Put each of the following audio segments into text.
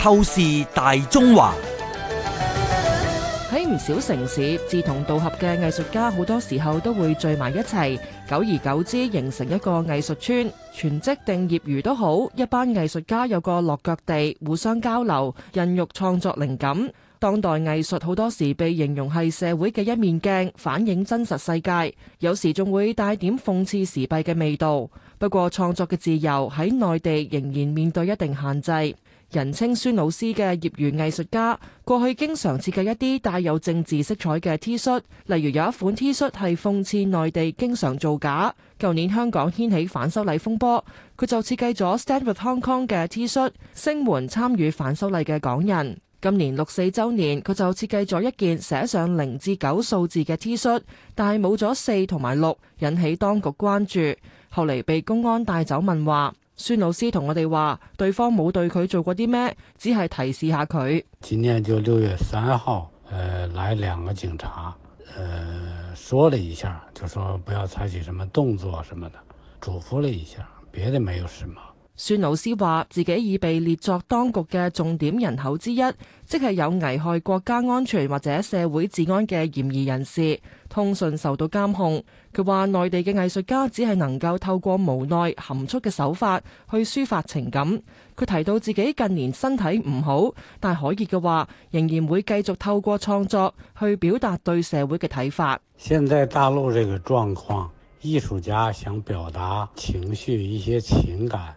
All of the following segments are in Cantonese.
透視大中華，喺唔少城市，志同道合嘅藝術家好多時候都會聚埋一齊。久而久之，形成一個藝術村。全職定業餘都好，一班藝術家有個落腳地，互相交流，孕育創作靈感。當代藝術好多時被形容係社會嘅一面鏡，反映真實世界。有時仲會帶點諷刺時弊嘅味道。不過，創作嘅自由喺內地仍然面對一定限制。人稱孫老師嘅業餘藝術家，過去經常設計一啲帶有政治色彩嘅 T 恤，例如有一款 T 恤係奉刺內地經常造假。舊年香港掀起反修例風波，佢就設計咗 Stand with Hong Kong 嘅 T 恤，聲援參與反修例嘅港人。今年六四週年，佢就設計咗一件寫上零至九數字嘅 T 恤，但係冇咗四同埋六，引起當局關注，後嚟被公安帶走問話。孫老師同我哋話，對方冇對佢做過啲咩，只係提示下佢。今年就六月三號，誒、呃，來兩個警察，誒、呃，說了一下，就說不要採取什麼動作什麼的，囑咐了一下，別的沒有什麼。孫老師話：自己已被列作當局嘅重點人口之一，即係有危害國家安全或者社會治安嘅嫌疑人士，通訊受到監控。佢話內地嘅藝術家只係能夠透過無奈含蓄嘅手法去抒發情感。佢提到自己近年身體唔好，但可以嘅話，仍然會繼續透過創作去表達對社會嘅睇法。現在大陸這個狀況，藝術家想表達情緒，一些情感。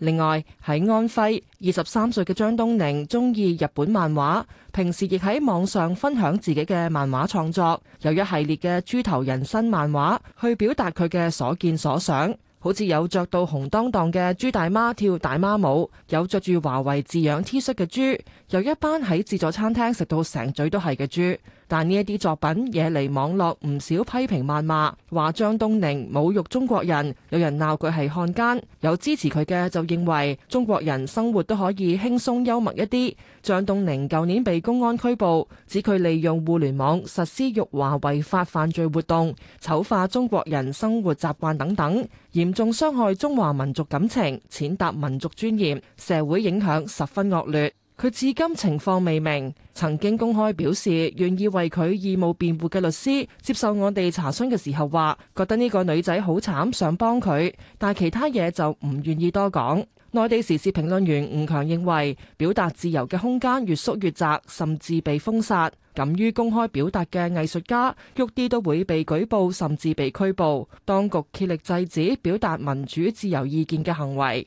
另外喺安徽，二十三歲嘅張東寧鍾意日本漫畫，平時亦喺網上分享自己嘅漫畫創作，有一系列嘅豬頭人身漫畫，去表達佢嘅所見所想，好似有着到紅當當嘅豬大媽跳大媽舞，有着住華為字樣 T 恤嘅豬，有一班喺自助餐廳食到成嘴都係嘅豬。但呢一啲作品惹嚟網絡唔少批評謾罵，話張東寧侮辱中國人，有人鬧佢係漢奸。有支持佢嘅就認為中國人生活都可以輕鬆幽默一啲。張東寧舊年被公安拘捕，指佢利用互聯網實施辱華違法犯罪活動，醜化中國人生活習慣等等，嚴重傷害中華民族感情，踐踏民族尊嚴，社會影響十分惡劣。佢至今情況未明。曾經公開表示願意為佢義務辯護嘅律師，接受我哋查詢嘅時候話：覺得呢個女仔好慘，想幫佢，但其他嘢就唔願意多講。內地時事評論員吳強認為，表達自由嘅空間越縮越窄，甚至被封殺。敢於公開表達嘅藝術家，喐啲都會被舉報，甚至被拘捕。當局竭力制止表達民主自由意見嘅行為。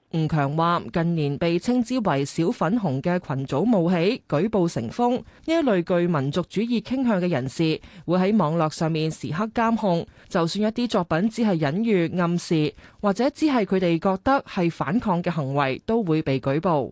吳強話：近年被稱之為小粉紅嘅群組冒起，舉報成風。呢一類具民族主義傾向嘅人士，會喺網絡上面時刻監控，就算一啲作品只係隱喻、暗示，或者只係佢哋覺得係反抗嘅行為，都會被舉報。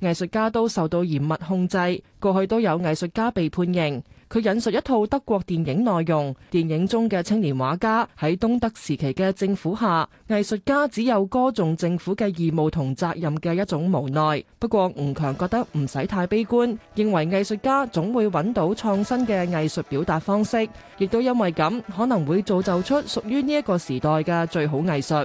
藝術家都受到嚴密控制，過去都有藝術家被判刑。佢引述一套德國電影內容，電影中嘅青年畫家喺東德時期嘅政府下，藝術家只有歌頌政府嘅義務同責任嘅一種無奈。不過吳強覺得唔使太悲觀，認為藝術家總會揾到創新嘅藝術表達方式，亦都因為咁可能會造就出屬於呢一個時代嘅最好藝術。